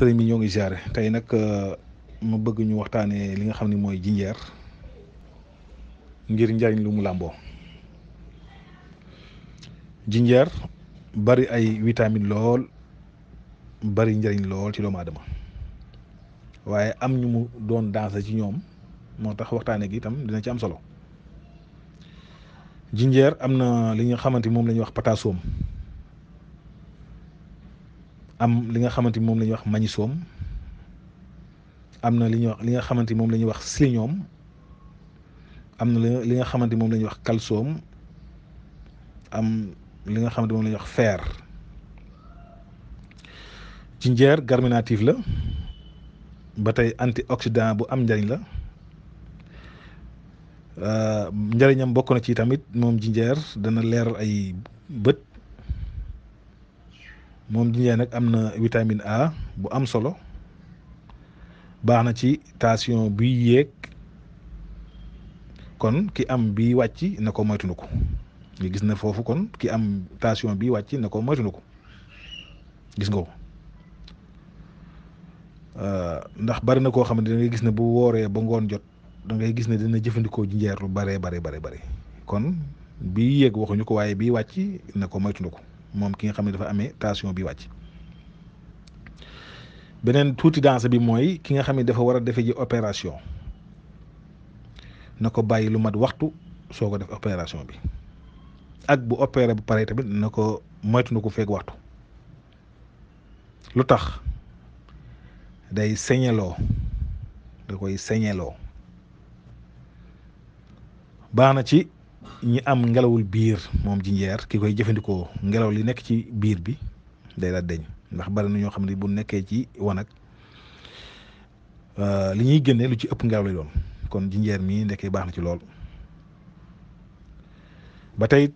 sëriñ bi ñoo ngi ziare tey nag euh, ma bëgg ñu waxtaanee li nga xam ne mooy jinjeer ngir njariñ lu mu làmboo jinjeer bari ay vitamine lool bari njariñ lool ci doomu aadama waaye am ñu mu doon danse ci ñoom moo tax waxtaane gi itam dina ci am solo jinjeer am na li nga xamante moom lañuy wax potassium am li nga xamante ni moom la ñuy wax magnésium am na li ñuy wax li nga xamante ni moom lañuy ñuy wax silicium am na li nga xamante ni moom la ñuy wax calcium am li nga xamante moom la ñuy wax fer jinjeer carminatif la ba tey antioxydant bu am njariñ la euh, njariñam bokk na ci tamit moom jinjeer dana leeral ay bët moom jinjeer nag am na vitamine A bu am solo baax na ci tension bi yéeg kon ki am bi wàcc na ko moytu ko gis na foofu kon ki am tension bi wàcc na ko moytu ko gis nga ko euh, ndax bari na koo xam ne da gis ne bu wooree ba ngoon jot da ngay gis ne dina jëfandikoo jinjeer lu baree bare bare bare kon bi yéeg waxuñu ko waaye bi wàcc na ko moytu ko moom ki nga xam ne dafa amee tension bi wàcc beneen tuuti danse bi mooy ki nga xam ne dafa war a defe ji opération na ko bàyyi lu mat waxtu soo ko def opération bi ak bu opéré bu pare tamit na ko moytu na ko feeg waxtu lu tax day señeloo da koy señeloo baax na ci ñi am ngelawul biir moom jinjeer ki koy jëfandikoo ngelaw li nekk ci biir bi day daal deñ ndax bari na ñoo xam ne bu nekkee ci wanag euh, li ñuy génne lu ci ëpp ngelaw lay doon kon jinjeer mii nekkee baax na ci lool ba tey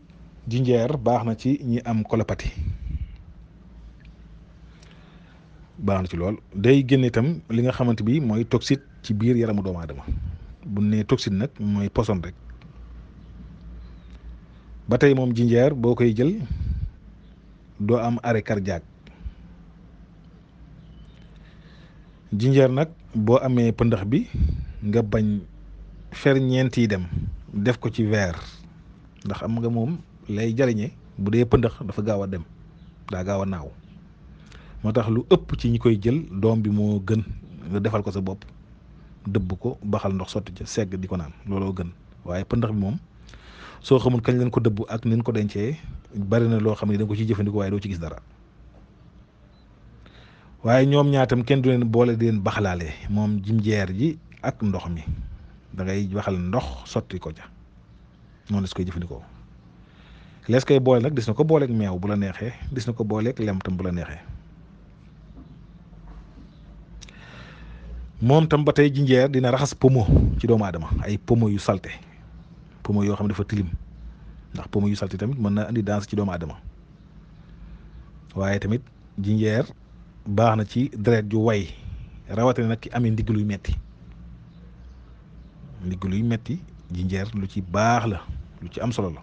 jinjeer baax na ci ñi am kolopati baax na ci lool day génne itam li nga xamante bi mooy toxite ci biir yaramu doomu aadama bu ne toxite nag mooy poison rek ba tey moom jinjeer boo koy jël doo am are cardiaque jinjeer nag boo amee pëndax bi nga bañ fer ñeent dem def ko ci weer ndax am nga moom lay jariñe bu dee pëndax dafa gaaw a dem daa gaaw a naaw moo tax lu ëpp ci ñi koy jël doom bi moo gën nga defal ko sa bopp dëbb ko baxal ndox sotti ca segg di ko naan looloo gën waaye pëndax bi moom soo xamul kañ leen ko dëbb ak leen ko dencee bari na loo xam ne da ko ciy jëfandikoo waaye doo ci gis dara waaye ñoom ñaatam kenn du leen boole di leen baxalaale moom jimjeer ji ak ndox mi dangay ngay waxal ndox sotti ko ca noonu la su koy jëfandikoo lees koy boole nag dis na ko booleeg meew bu la neexee dis na ko booleek lem tam bu la neexee moom tam ba tey jinjeer dina raxas pomo ci doomu aadama ay pomo yu salte pomo yoo xam ne dafa tilim ndax pomo yu salté tamit mën na indi danse ci doomu aadama waaye tamit jinjeer baax na ci deret ju way rawatina nag ki amee ndigg luy metti ndigg luy metti jinjeer lu ci baax la lu ci am solo la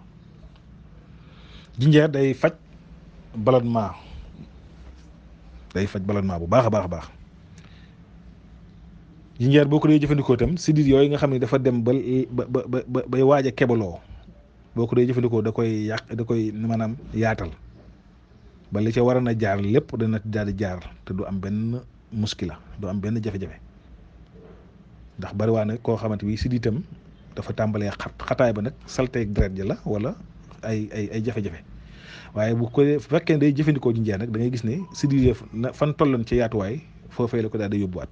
jinjeer day faj ballonnement day faj ballonnement bu baax a baax baax jinjeer boo ko dee jëfandikoo tam siddit yooyu nga xam ne dafa dem bal ba ba ba bay waaj a kebaloo boo ko dee jëfandikoo da koy yàq da koy maanaam yaatal ba ca waroon a jaar lépp dana daal jaar te du am benn muskila du am benn jafe-jafe ndax bari waa nag koo xamante bi sidditam dafa tàmbalee xat xataay ba nag salteeg deret la wala ay ay ay jafe-jafe waaye bu ko fekkee day jëfandikoo jinjeer nag da ngay gis ne siddit na fan tolloon ci yaatuwaay foofee la ko daal di yóbbuwaat.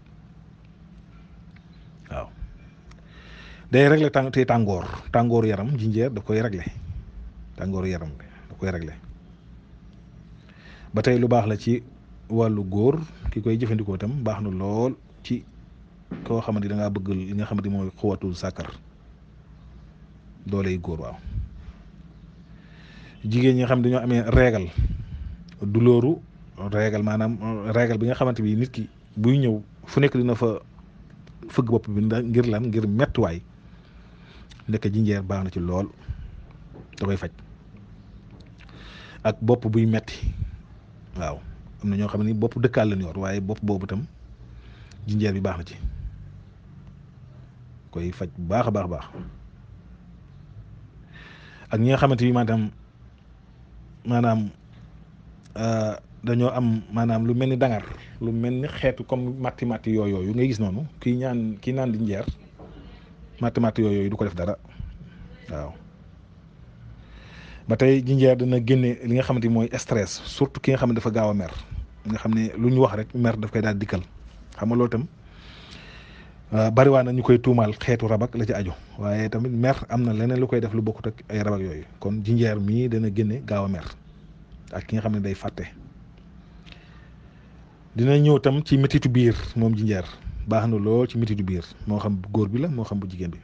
day régler tàng tey tàngoor tàngooru yaram jinjeer da koy régler tàngooru yaram bi da koy régler ba tey lu baax la ci wàllu góor ki koy jëfandikoo tam baax na lool ci koo xamante da ngaa bëgg li nga xamante mooy xuwatul sàkkar dooley góor waaw jigéen ñi nga xam dañoo amee régal dulóoru régal maanaam euh, régal bi nga xamante bi nit ki buy ñëw fu nekk dina fa fëgg bopp bi ngir lan ngir mettuwaay lekk jinjeer baax na ci lool da koy faj ak bopp buy metti waaw am na ñoo xam ni bopp dëkkaal la ñu yor waaye bopp boobu tam jinjeer bi baax na ci koy faj bu baax a baax baax ak ñi nga xamante bi maanaam maanaam euh, dañoo am maanaam lu mel ni dangar lu mel ni xeetu comme matti matti yooyu ngay gis noonu kiy ñaan kiy naan di njeer mathématique yooyu du ko def dara waaw ba tey jinjeer dina génne li nga xamante ni mooy stress surtout ki nga xam ne dafa gaaw a mer nga xam ne lu ñu wax rek mer daf koy daal dikkal xam nga tam ah, bariwaa na ñu koy tuumaal xeetu rabak la ci ajo waaye tamit mer am na leneen lu koy def lu bokkut ak ay rabak yooyu kon jinjeer mii dana génne gaaw a mer ak ki nga xam ne day fàtte dina ñëw tam ci métitu biir moom jinjeer baax na lool ci miti du biir moo xam bu góor bi la moo xam bu jigéen bi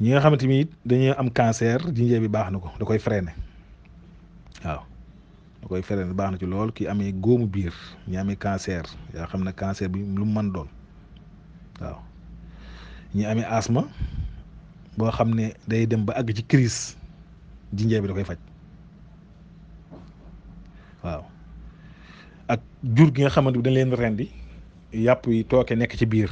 ñi nga xamante ni dañuy am cancer jinjeer bi baax na ko da koy freiné waaw da koy freiné baax na ci lool ki amee góomu biir ñi amee cancer yaa xam na cancer bi lu mu mën doon waaw ñi amee asthme boo xam ne day dem ba àgg ci crise jinjeer bi da koy faj waaw ak jur gi nga xamante bi dañ leen rendi yàpp yi tooke nekk ci biir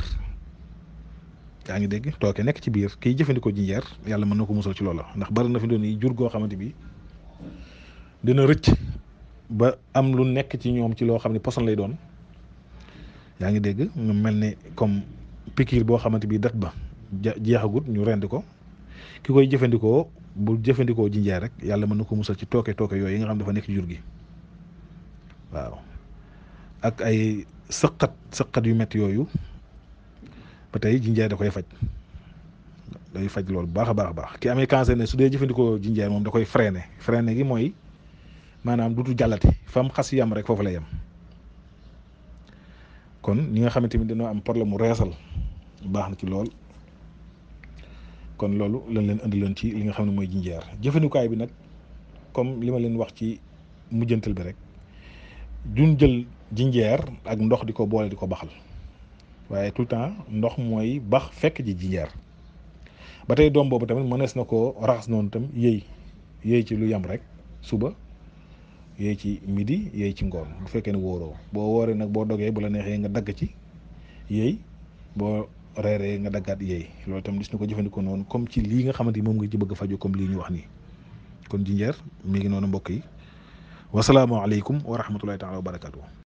yaa ngi dégg tooke nekk ci biir kiy jëfandikoo jinjeer yàlla mën na ko musal ci loola ndax bari na fi doon jur goo xamante bi dina rëcc ba am lu nekk ci ñoom ci loo xam ne poson lay doon yaa ngi dégg mu mel ne comme pikiir boo xamante bi dat ba jeexagut ñu rend ko ki koy jëfandikoo bu jëfandikoo jinjeer rek yàlla mën na ko musal ci tooke tooke yooyu yi nga xam dafa nekk jur gi waaw ak ay sëqat sëqat yu métti yooyu ba tey jinjeer da koy faj day faj loolu baax a baax a baax ki amee cancer ne su dee jëfandikoo jinjeer moom da koy freiné freiné gi mooy maanaam dutu jàllati fam xas yam rek foofu lay yem kon ñi nga xamante ni dañoo am problème mu reesal baax na ci lool kon loolu lañ leen indi loon ci li nga xam ne mooy jinjeer jëfandikaay bi nag comme li ma leen wax ci mujjantal bi rek duñ jël. jinjeer ak ndox di ko boole di ko baxal waaye tout temps ndox mooy bax fekk ji jinjeer ba tey doom boobu tamit mënees na ko raxas noonu tam yëy yëy ci lu yam rek suba yëy ci midi yëy ci ngoon bu fekkee ne wóoroo boo wooree nag boo dogee bu la neexee nga dagg ci yëy boo reeree nga daggaat yëy loolu tam gis na ko jëfandikoo noonu comme ci lii nga xamante ni moom nga ci bëgg a faju comme lii ñu wax nii kon jinjeer mi ngi noonu mbokk yi wasalaamaaleykum wa rahmatullahi taala wa barakatu